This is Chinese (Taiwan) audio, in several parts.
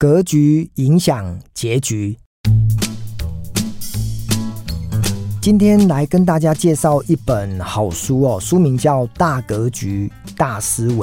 格局影響結局。今天來跟大家介紹一本好書哦，書名叫《大格局大思維》。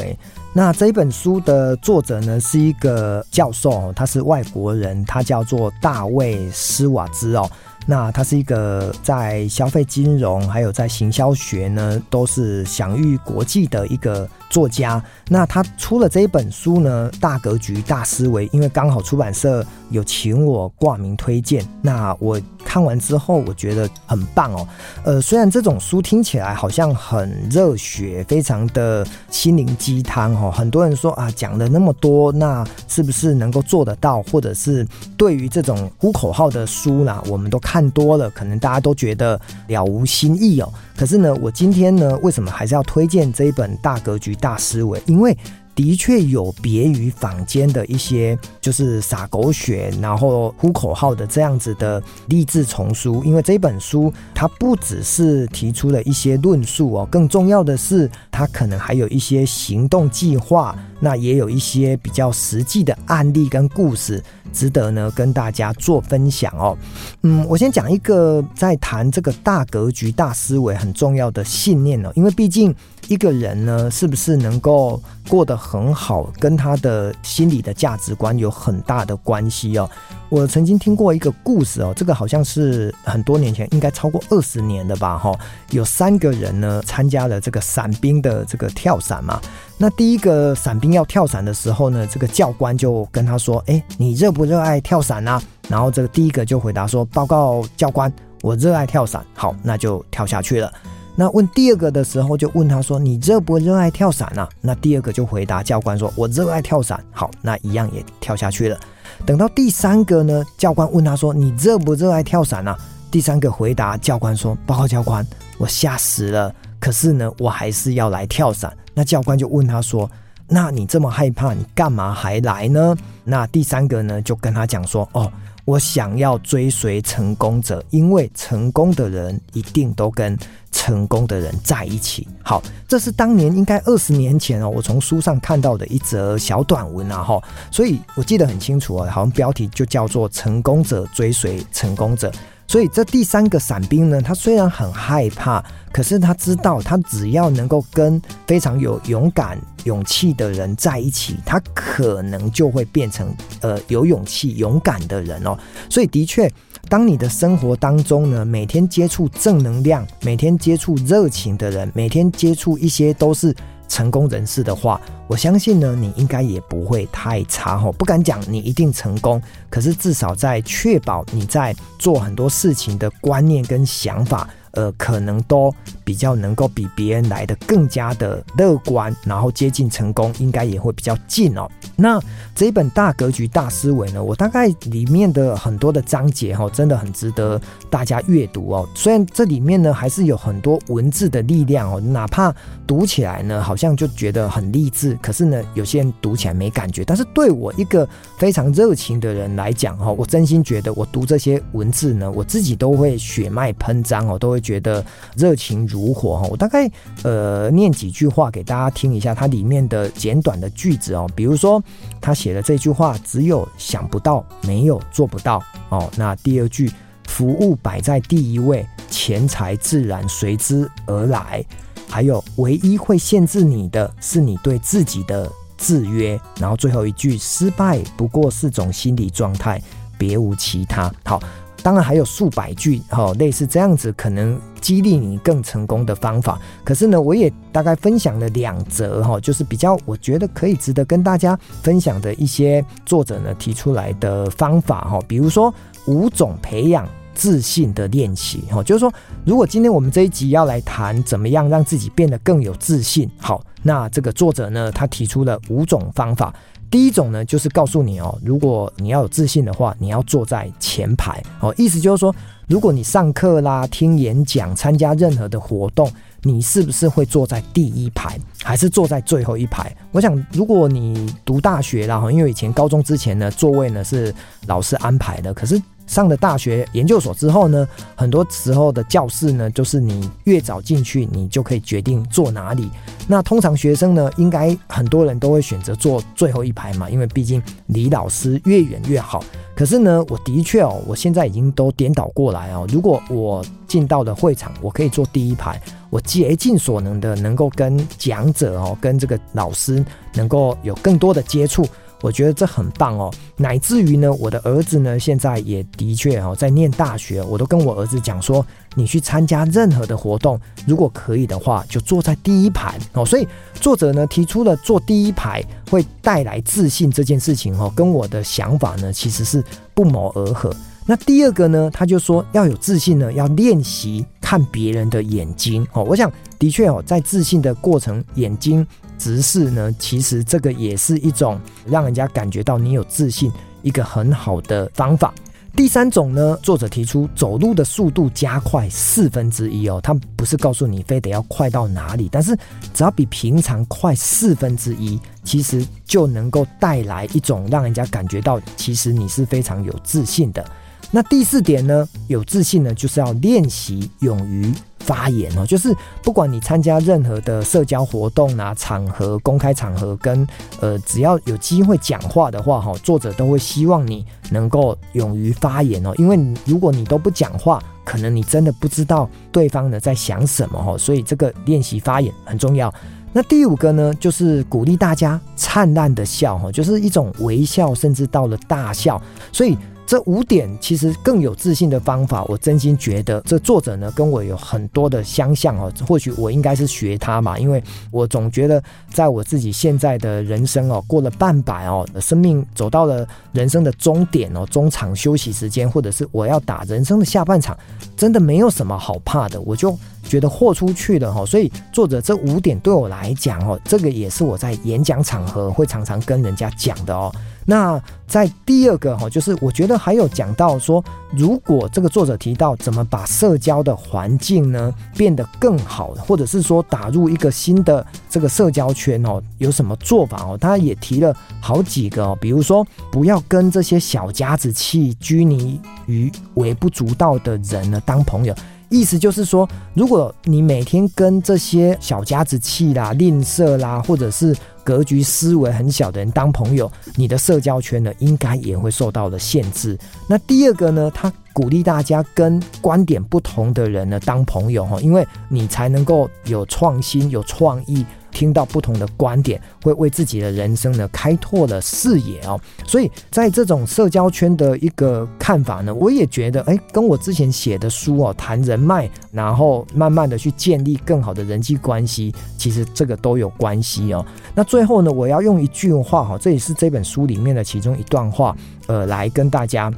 那這本書的作者呢，是一個教授，他是外國人，他叫做大衛·施瓦茨哦。那他是一個在消費金融還有在行銷學呢，都是享譽國際的一個作家。那他出了這一本書呢，《大格局大思維》，因為剛好出版社有請我掛名推薦。那我看完之後，我覺得很棒哦。呃，雖然這種書聽起來好像很熱血，非常的心靈雞湯哦。很多人說啊，講了那麼多，那是不是能夠做得到？或者是對於這種呼口號的書呢，我們都看。看多了，可能大家都覺得了無新意哦。可是呢，我今天呢，為什麼還是要推薦這一本《大格局大思維》？因為。的確有別於坊間的一些，就是撒狗血然後呼口號的這樣子的勵志叢書，因為這本書它不只是提出了一些論述哦，更重要的是它可能還有一些行動計劃，那也有一些比較實際的案例跟故事值得呢跟大家做分享哦。嗯，我先講一個在談這個大格局大思維很重要的信念哦，因為畢竟一個人呢是不是能夠過得。很好，跟他的心理的價值觀有很大的關係哦。我曾經聽過一個故事哦，這個好像是很多年前，應該超過二十年的吧。哈，有三個人呢參加了這個傘兵的這個跳傘嘛。那第一個傘兵要跳傘的時候呢，這個教官就跟他說：“誒、欸，你熱不熱愛跳傘呢、啊？”然後這個第一個就回答說：“報告教官，我熱愛跳傘。”好，那就跳下去了。那問第二個的時候，就問他說：“你熱不熱愛跳傘啊？”那第二個就回答教官說：“我熱愛跳傘。”好，那一樣也跳下去了。等到第三個呢，教官問他說：“你熱不熱愛跳傘啊？”第三個回答教官說：“報告教官，我嚇死了，可是呢，我還是要來跳傘。”那教官就問他說：“那你這麼害怕，你幹嘛還來呢？”那第三個呢，就跟他講說，哦，我想要追隨成功者，因為成功的人一定都跟成功的人在一起。好，這是當年應該二十年前哦，我從書上看到的一則小短文啊、哦，哈，所以我記得很清楚啊、哦，好像標題就叫做《成功者追隨成功者》。所以這第三個傘兵呢，他雖然很害怕，可是他知道，他只要能夠跟非常有勇敢、勇氣的人在一起，他可能就會變成呃有勇氣、勇敢的人哦、喔。所以的確，當你的生活當中呢，每天接觸正能量，每天接觸熱情的人，每天接觸一些都是。成功人士的話，我相信呢，你應該也不會太差哦。不敢講你一定成功，可是至少在確保你在做很多事情的觀念跟想法，呃，可能都比較能夠比別人來得更加的樂觀，然後接近成功，應該也會比較近哦。那這一本大格局大思維呢，我大概裡面的很多的章節哦，真的很值得大家閱讀哦。雖然這裡面呢，還是有很多文字的力量哦，哪怕讀起來呢，好像就覺得很勵志，可是呢，有些人讀起來沒感覺。但是對我一個非常熱情的人來講哈，我真心覺得我讀這些文字呢，我自己都會血脈噴張哦，都會覺得熱情如火哈。我大概呃念幾句話給大家聽一下，它裡面的簡短的句子哦，比如說。他寫的這句話，只有想不到，沒有做不到哦。那第二句，服務擺在第一位，錢財自然隨之而來。還有，唯一會限制你的是你對自己的制約。然後最後一句，失敗不過是種心理狀態，別無其他。好、哦。當然還有數百句哈、哦，類似這樣子，可能激勵你更成功的方法。可是呢，我也大概分享了兩則哈、哦，就是比較我覺得可以值得跟大家分享的一些作者呢提出來的方法哈、哦。比如說五種培養自信的練習哈、哦，就是說，如果今天我們這一集要來談怎麼樣讓自己變得更有自信，好，那這個作者呢，他提出了五種方法。第一種呢，就是告訴你哦，如果你要有自信的話，你要坐在前排哦。意思就是說，如果你上課啦、聽演講、參加任何的活動，你是不是會坐在第一排，還是坐在最後一排？我想，如果你讀大學啦，因為以前高中之前呢，座位呢是老師安排的，可是，上了大學研究所之後呢，很多時候的教室呢，就是你越早進去，你就可以決定坐哪裡。那通常學生呢，應該很多人都會選擇坐最後一排嘛，因為畢竟離老師越遠越好。可是呢，我的確哦，我現在已經都顛倒過來哦。如果我進到了會場，我可以坐第一排，我竭盡所能的能夠跟講者哦，跟這個老師能夠有更多的接觸。我覺得這很棒哦，乃至於呢，我的兒子呢，現在也的確哦，在念大學，我都跟我兒子講說，你去參加任何的活動，如果可以的話，就坐在第一排哦。所以作者呢，提出了坐第一排會帶來自信這件事情哦，跟我的想法呢，其實是不謀而合。那第二個呢，他就說要有自信呢，要練習看別人的眼睛哦。我想的確哦，在自信的過程，眼睛。直視呢，其實這個也是一種讓人家感覺到你有自信一個很好的方法。第三種呢，作者提出走路的速度加快四分之一哦，他不是告訴你非得要快到哪裡，但是只要比平常快四分之一，其實就能夠帶來一種讓人家感覺到其實你是非常有自信的。那第四點呢，有自信呢就是要練習勇於。發言哦，就是不管你參加任何的社交活動啊，場合、公開場合跟呃，只要有機會講話的話，哈，作者都會希望你能夠勇於發言哦。因為如果你都不講話，可能你真的不知道對方呢在想什麼哦。所以這個練習發言很重要。那第五個呢，就是鼓勵大家燦爛的笑哦，就是一種微笑，甚至到了大笑。所以。這五點其實更有自信的方法，我真心覺得這作者呢跟我有很多的相像哦。或許我應該是學他嘛，因為我總覺得在我自己現在的人生哦，過了半百哦，生命走到了人生的終點哦，中場休息時間或者是我要打人生的下半場，真的沒有什麼好怕的，我就覺得豁出去了哦。所以作者這五點對我來講哦，這個也是我在演講場合會常常跟人家講的哦。那在第二個哈，就是我覺得還有講到說，如果這個作者提到怎麼把社交的環境呢變得更好，或者是說打入一個新的這個社交圈哦，有什麼做法哦？他也提了好幾個哦，比如說不要跟這些小家子氣、拘泥於微不足道的人呢當朋友。意思就是說，如果你每天跟這些小家子氣啦、吝嗇啦，或者是格局思維很小的人當朋友，你的社交圈呢，應該也會受到的限制。那第二個呢，他鼓勵大家跟觀點不同的人呢當朋友哈，因為你才能夠有創新、有創意。聽到不同的觀點，會為自己的人生呢開拓了視野哦。所以在這種社交圈的一個看法呢，我也覺得，誒，跟我之前寫的書哦，談人脈，然後慢慢的去建立更好的人際關係，其實這個都有關係哦。那最後呢，我要用一句話哦，這也是這本書裡面的其中一段話，呃，來跟大家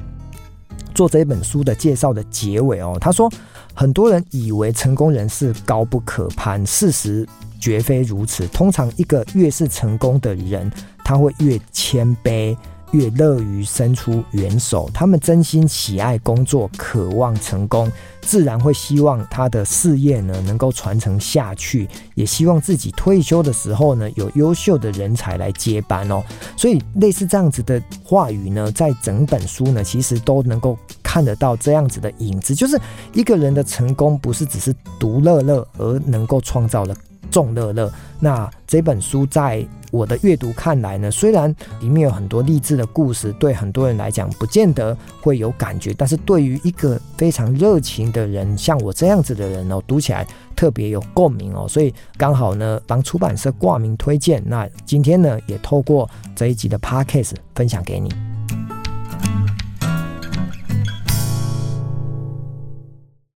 做這本書的介紹的結尾哦。他說，很多人以為成功人士高不可攀，事實。絕非如此。通常，一個越是成功的人，他會越謙卑，越樂於伸出援手。他們真心喜愛工作，渴望成功，自然會希望他的事業呢能夠傳承下去，也希望自己退休的時候呢有優秀的人才來接班哦。所以，類似這樣子的話語呢，在整本書呢，其實都能夠看得到這樣子的影子。就是一個人的成功，不是只是獨樂樂，而能夠創造了。眾樂樂，那這本書在我的閱讀看來呢，雖然裡面有很多勵志的故事，對很多人來講不見得會有感覺，但是對於一個非常熱情的人，像我這樣子的人哦，讀起來特別有共鳴哦，所以剛好呢，幫出版社掛名推薦，那今天呢，也透過這一集的 podcast 分享給你。